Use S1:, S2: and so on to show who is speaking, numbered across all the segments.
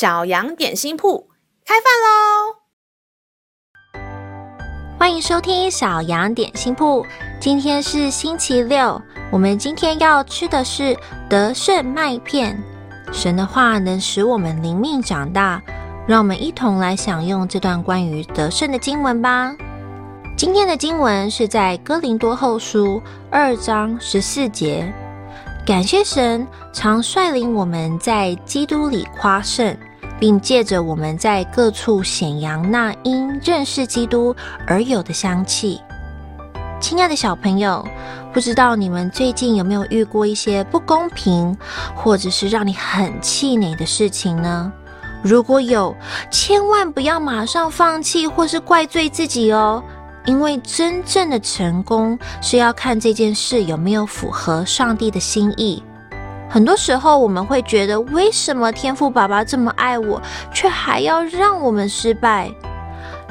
S1: 小羊點心鋪開飯嘍！歡迎收聽小羊點心鋪。今天是星期六，我們今天要吃的是得勝麥片。神的話能使我們靈命長大，讓我們一同來享用這段關於得勝的經文吧。今天的經文是在哥林多後書二章十四節。感謝神，常率領我們在基督裡誇勝，並借着我們在各處顯揚那因認識基督而有的香氣。親愛的小朋友，不知道你們最近有沒有遇過一些不公平，或者是讓你很氣餒的事情呢？如果有，千萬不要馬上放棄或是怪罪自己哦，因為真正的成功是要看這件事有沒有符合上帝的心意。很多時候，我們會覺得，為什麼天父爸爸這麼愛我，卻還要讓我們失敗？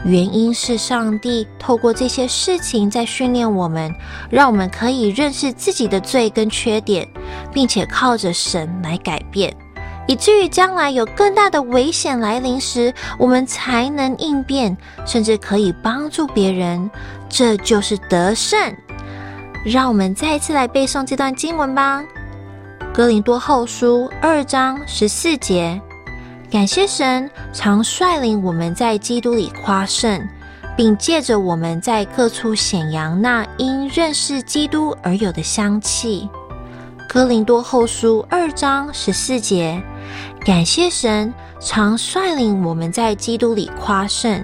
S1: 原因是上帝透過這些事情在訓練我們，讓我們可以認識自己的罪跟缺點，並且靠着神來改變，以至於將來有更大的危險來臨時，我們才能應變，甚至可以幫助別人。這就是得勝。讓我們再一次來背誦這段經文吧。哥林多後書二章十四節，感謝神常率領我們在基督裡誇勝，並借着我們在各處顯揚那因認識基督而有的香氣。哥林多後書二章十四節，感謝神常率領我們在基督裡誇勝，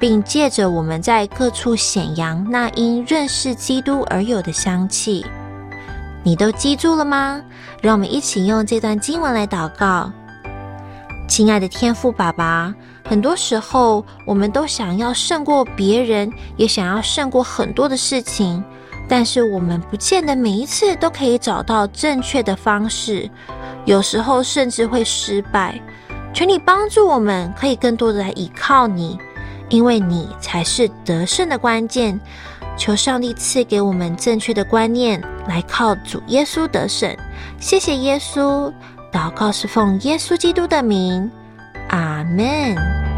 S1: 並借着我們在各處顯揚那因認識基督而有的香氣。你都記住了嗎？讓我們一起用這段經文來禱告。親愛的天父爸爸，很多時候我們都想要勝過別人，也想要勝過很多的事情，但是我們不見得每一次都可以找到正確的方式，有時候甚至會失敗。求你幫助我們，可以更多的來依靠你，因為你才是得勝的關鍵。求上帝賜給我們正確的觀念，來靠主耶穌得勝。謝謝耶穌，禱告是奉耶穌基督的名。阿門。